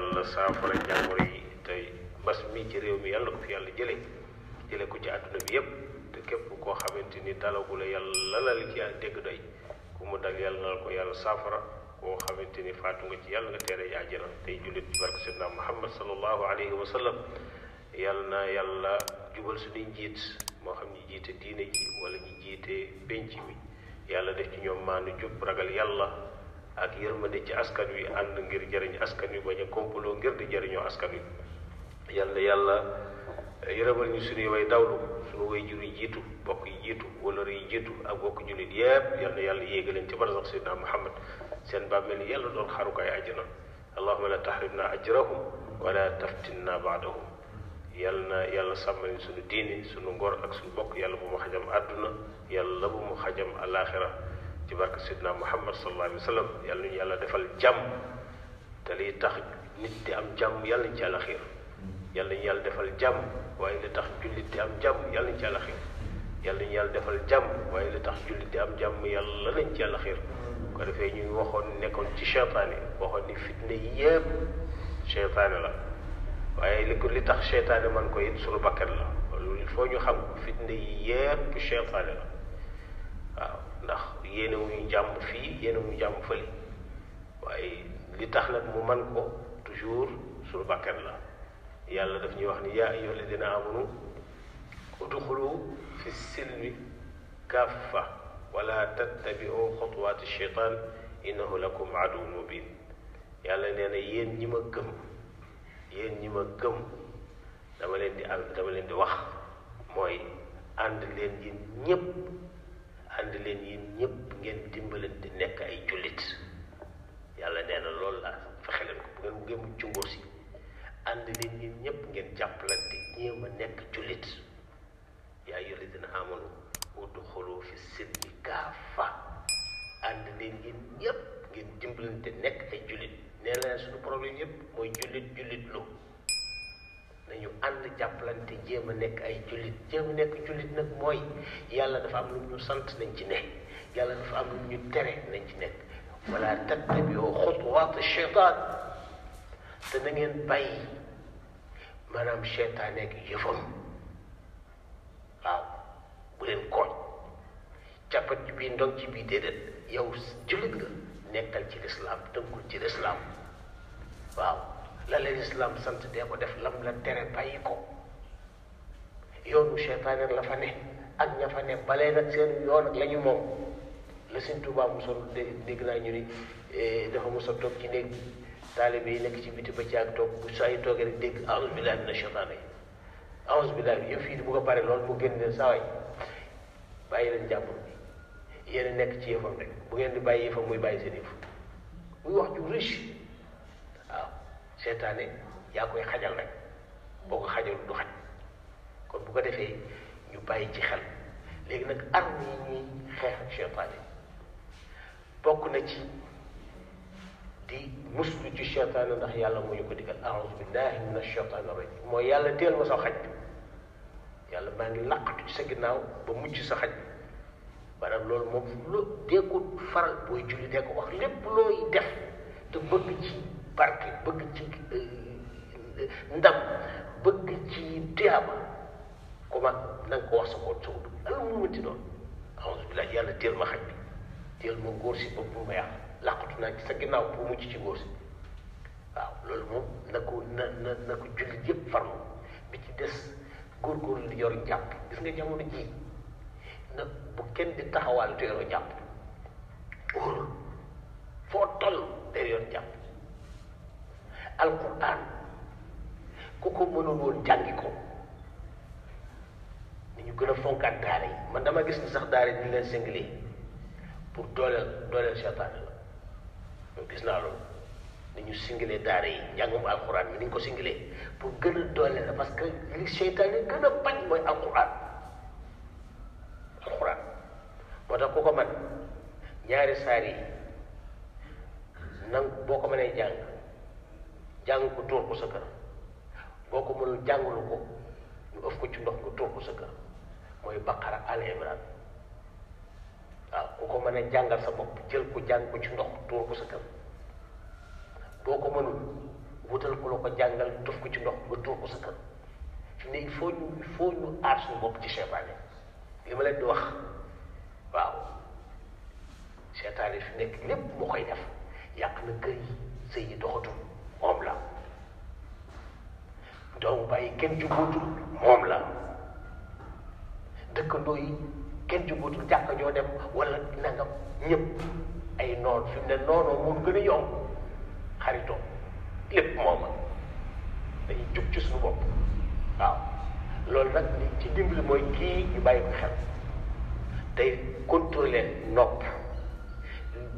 yàlla saafara jàngoro yi tey mbas mi ci réew mi yàlla ko fi yàlla jële jële ko ci àdduna bi yépp te képp koo xamante ni dalagu yàlla la li ci yàlla dégg doy ku mu dal yàlla na ko yàlla saafara koo xamante ni faatu nga ci yàlla nga teere yi àjjana tey jullit ci barke seydina muhammad sallallahu alayhi wa sallam yàlla na yàlla jubal suñuy njiit moo xam ñi jiite diine ji wala ñi jiite penc mi yàlla def ci ñoom maanu jub ragal yàlla ak yërmande ci askan wi ànd ngir jëriñ askan wi bañ a kompaloo ngir di jëriñoo askan wi yal na yàlla eh, yërëmal ñu suñuy way dawlu suñu way yi jiitu bokk yi jiitu wala yi jiitu ak bokk jullit yépp yal yàlla yéega leen ci barsax sayyidina Muhammad seen bàmmeel yàlla doon xarukaay àjjana allahumma la tahrimna ajrahum wala taftinna baadahum yàlla na yàlla sàmmal suñu diini suñu ngor ak suñu bokk yàlla bu mu xajam àdduna yàlla bu mu xajam àllaaxira ci barke sidna muhammad sallallahu alayhi wa sallam yàlla nañu yàlla defal jàmm te liy tax nit di am jàmm yàlla nañu ci yàlla yàlla nañu yàlla defal jàmm waaye li tax jullit di am jàmm yàlla nañu ci yàlla defal jàmm waaye li tax am jàmm yàlla nañu ko defee ñu waxoon nekkoon ci cheytaane waxoon ni fitna yépp cheytaane la waaye li ko li tax cheytaane man ko it sunu bakkan la loolu il ñu xam fitna yépp cheytaane la waaw ndax yéene wuñu jàmm fii yéene wuñu jàmm fële waaye li tax nag mu man ko toujours suñu bakkan la yàlla daf ñuy wax ni yaa dina alladina amanu udxulu fi silmi kaffa wala tattabiu xutuwaati sheytaan innahu lakum aduwwun mubin yàlla nee na yéen ñi ma gëm yéen ñi ma gëm dama leen di am dama leen di wax mooy ànd leen yéen ñépp ànd leen yéen ñëpp ngeen dimbalante nekk ay jullit yàlla nee na loolu la fexe leen ko bu ngeen buggee mucc si ànd leen yéen ñëpp ngeen jàppalante ñéem a nekk jullit yaa ayyuhal lazina aamanu udxulu fi silmi kaafa ànd leen yéen ñëpp ngeen dimbalante nekk ay jullit nee na suñu problème yëpp mooy jullit jullit lu nañu ànd jàppalante jéem a nekk ay jullit jéem a nekk jullit nag mooy yàlla dafa am lu ñu sant nañ ci ne yàlla dafa am lu ñu tere nañ ci nekk wala tattabiu xutuwaat cheytaan te na ngeen bàyyi maanaam cheytaan nekk yëfam waaw bu leen kooj càppat ci bii ndog ci bii déedéet yow jullit nga nekkal ci lislaam tënkul ci lislaam waaw la leen islam sant dee ko def lam la tere bàyyi ko yoonu seytaane la fa ne ak ña fa ne balee nag seen yoon ak la ñu moom la Sëñ Tuubaa mosoon dégg naa ñu ni eh, dafa mosoon toog ci néeg taalibe yi nekk ci biti ba ci ak toog bu saa yu toogee rek dégg aouzu billahi mina seytaane yi aouzu billahi yëf yi bu ko paree loolu mu génne saa bàyyi leen jàmbur bi yéen nekk ci yëfam rek bu ngeen di bàyyi yëfam muy bàyyi seen yëf muy wax ju riche seetaane yaa koy xajal rek boo ko xajalul du xaj kon bu ko defee ñu bàyyi ci xel léegi nag arme yi ñuy xeex seetaane bokk na ci di muslu ci seetaane ndax yàlla moo ñu ko digal a'uuzu billahi mina sheytaani rajim mooy yàlla teel ma sa xaj bi yàlla maa ngi laqatu ci sa ginnaaw ba mujj sa xaj bi maanaam loolu moom lu dee ko faral booy julli dee ko wax lépp looy def te bëgg ci barke bëgg ci eh, ndam bëgg ci tiyaaba ko mag na nga ko wax sa ko sow du ala mu mënti doon auzu billahi yàlla teel ma xaj bi teel ma góor si ba bu ci sa ginnaaw bu mucc ci góor si waaw loolu moom na ko na na na ko jullit yëpp farlu bi ci des góorgóorlu di yor jàpp gis nga jamono ji na bu kenn di taxawaal te yoroo jàpp wóorul foo toll day yor jàpp alquran ku ko mënul woon jàngi ko ni ñu gën a fonkaat daara yi man dama gis ni sax daara di leen singli pour dooleel dooleel seytaane la loolu gis naa loolu ni ñu singlee daara yi njàngum alquran mi ni ñu ko singlee pour gën a dooleel parce que li seytaane gën a bañ mooy alquran alquran moo tax ku ko man ñaari saar yi nang boo ko mënee jàng jàng ko tuur ko sa kër boo ko mënul jàngalu ko ñu ëf ko ci ndox ko tuur ko sa kër mooy baqara al imran waaw ku ko mën a jàngal sa bopp jël ko jàng ko ci ndox tuur ko sa kër ko mënul wutal ku la jàngal def ci ndox nga tuur fi ne il faut ñu il faut bopp ci seetaane li ma leen di wax waaw seetaane fi nekk lépp moo koy def yàq na kër yi sëy yi doxatul doomu bàyyi kenn jubootul moom la dëkkandoo yi kenn jubootul jàkka joo dem wala nangam ñëpp ay noon fi mu ne noonoo moom gën a yomb xaritoo lépp mooma dañuy jub ci suñu bopp waaw loolu nag li ci dimbali mooy kii ñu bàyyi ko xel tey contrôler nopp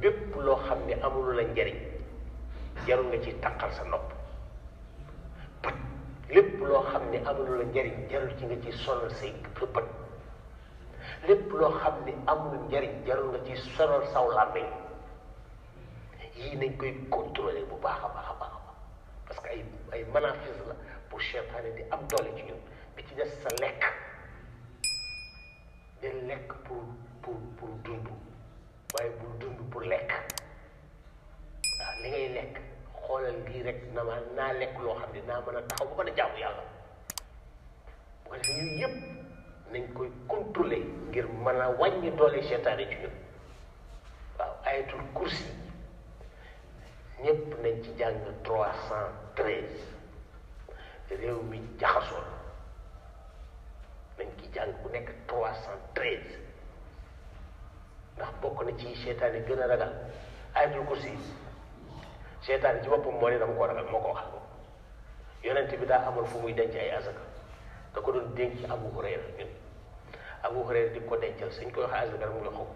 bépp loo xam ne amul la njariñ jarul nga ci taqal sa nopp loo xam ne amul njariñ jarul ci nga ci sonal say bët lépp loo xam ni amul njariñ jarul nga ci sonal saw làmmiñ yii nañ koy contrôler bu baax a baax a baax parce que ay ay manafis la pour seytaane di am doole ci ñun bi ci des sa lekk de lekk pour pour pour dund waaye bul dund pour lekk waaw li ngay lekk xoolal ngii rek na naa lekk loo xam ne naa mën a taxaw ba mën a jaamu yàlla bu ko defee nañ koy contrôler ngir mën a wàññi doole seetaane ci ñun waaw ayatul kursi ñëpp nañ ci jàng trois cent treize réew mi jaxasoo nañ ci jàng bu nekk trois cent ndax bokk na ci seetaane gën a ragal ayatul kursi seytaane ci boppam moo ne dama koo ragal moo ko waxal moom yonent bi daa xamoon fu muy denc ay azaka da ko doon denc Abu Hurayra ñun di ko dencal suñ koy waxee azaka mu ngi xaw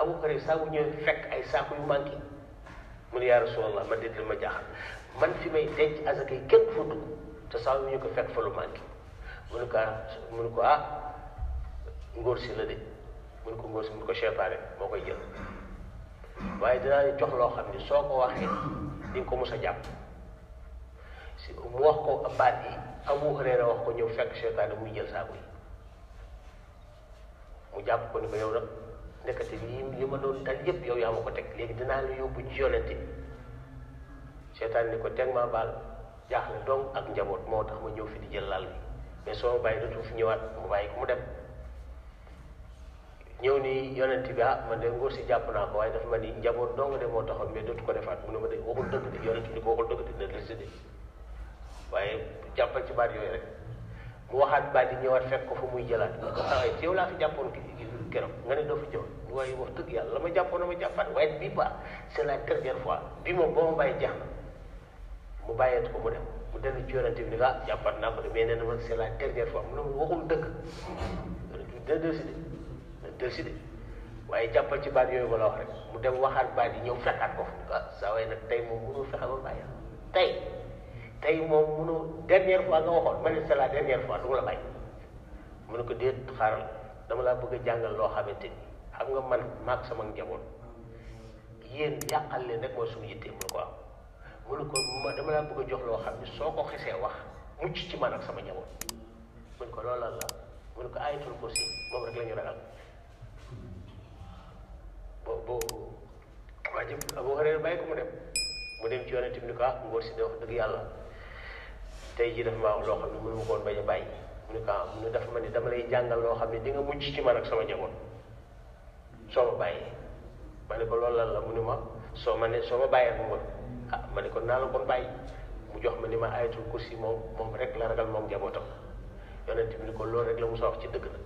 Abu Hurayra saa ñëwee fekk ay saako yu manqué mu ne yaa Rasulallah man de dina ma jaaxal man fi may denc azaka yi kenn fa dugg te saa yu ñu ko fekk fa lu manqué mu ko ah, mu ne ko ah ngóor si la de mu ko ngóor si mu ne ko moo koy jël waaye dinaa jox loo xam ni soo ko waxee di nga ko mos a jàpp si mu wax ko baat yi Abu Hurayra wax ko ñëw fekk seytaane muy jël saako yi mu jàpp ko ni ko yow nag nekkati lii li ma doon dal yépp yow yaa ma ko teg léegi dinaa la yóbbu ci yonente seytaane ni ko teg maa baal jaaxle doom ak njaboot moo tax ma ñëw fi di jël laal bi mais soo ma bàyyi dootu fi ñëwaat mu bàyyi ko mu dem ñëw ni yonent bi ah man de ngóor si jàpp naa ko waaye dafa ma ni njaboot doo nga de moo taxoon mais dootu ko defaat mu ne ma de waxul dëgg de yonent ko waaye jàppal ci baat yooyu rek mu waxaat baat yi ñëwaat fekk ko fu muy jëlaat mu ko saway ah, laa fi jàppoon keroog nga ne doo fi jëw waaye wax dëgg yàlla la ma jàppoon la ma jàppaat waaye bii ba c'est la dernière fois bi moom boo ma bàyyi jeex ko mu dem mu dellu ci yonent bi ni ah jàppaat naa ko de mais nee na ma c'est la dernière fois mu ne ma waxul dëgg dina dellusi de décidé waaye jàppal ci baat yooyu ma la wax rek mu dem waxaat baat yi ñëw fekkaat ko fa saa waaye nag tey moom mënul fexe ba bàyyi tey ma ne ko déet dama laa bëgg a jàngal loo xamante ni xam nga man maag sama njaboot yéen jàqal leen rek mooy suñu yittee mu ne ko am jox loo xam ne soo ko xesee wax mucc ci man ak sama njaboot mu ne ko loolu la mu ne ko ayatul kursi moom rek la ñu ragal bo bo waa ji Abu Hurayra bàyyi ko mu dem mu dem ci yonent bi ni ko ah, dëgg yàlla tey jii dafa maa wax loo xam ne mënu ma koon bañ a mu ne ah, ma ne dama lay jàngal loo xam ne di nga mucc ci man ak sama soo ma bàyyee ma ne ko la mu ne ma soo ma ne soo bàyyee mu ah ma ne ko naa la kon mu jox ma ni ma ayatul kursi moom moom rek la ragal moom njabootam yonent bi ni ko loolu rek la mu sa wax ci dëgg la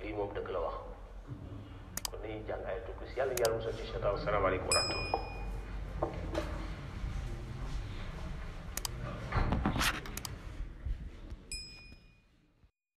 lii moom dëgg la wax nañu jàng ayatul kursi yàlla yàlla musal ci seytaan salaamaaleykum wa rahmatullah